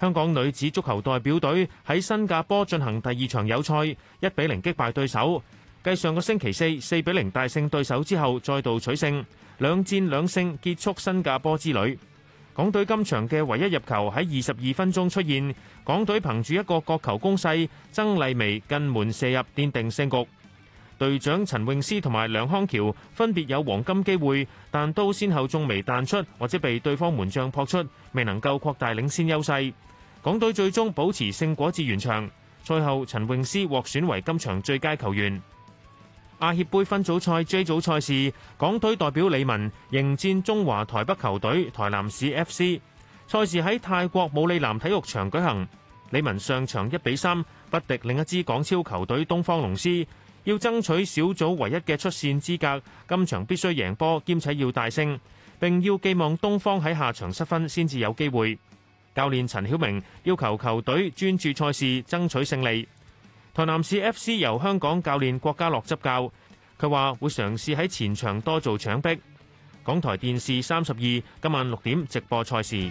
香港女子足球代表隊喺新加坡進行第二場友賽，一比零擊敗對手。繼上個星期四四比零大勝對手之後，再度取勝，兩戰兩勝結束新加坡之旅。港隊今場嘅唯一入球喺二十二分鐘出現，港隊憑住一個角球攻勢，曾麗薇近門射入奠定勝局。隊長陳泳詩同埋梁康橋分別有黃金機會，但都先後中楣彈出或者被對方門將撲出，未能夠擴大領先優勢。港隊最終保持勝果至完場。賽後，陳泳詩獲選為今場最佳球員。亞協盃分組賽 J 組賽事，港隊代表李文迎戰中華台北球隊台南市 FC。賽事喺泰國武里南體育場舉行。李文上場一比三不敵另一支港超球隊東方龍獅。要爭取小組唯一嘅出線資格，今場必須贏波兼且要大勝，並要寄望東方喺下場失分先至有機會。教練陳曉明要求球隊專注賽事，爭取勝利。台南市 F.C. 由香港教練郭家樂執教，佢話會嘗試喺前場多做搶逼。港台電視三十二今晚六點直播賽事。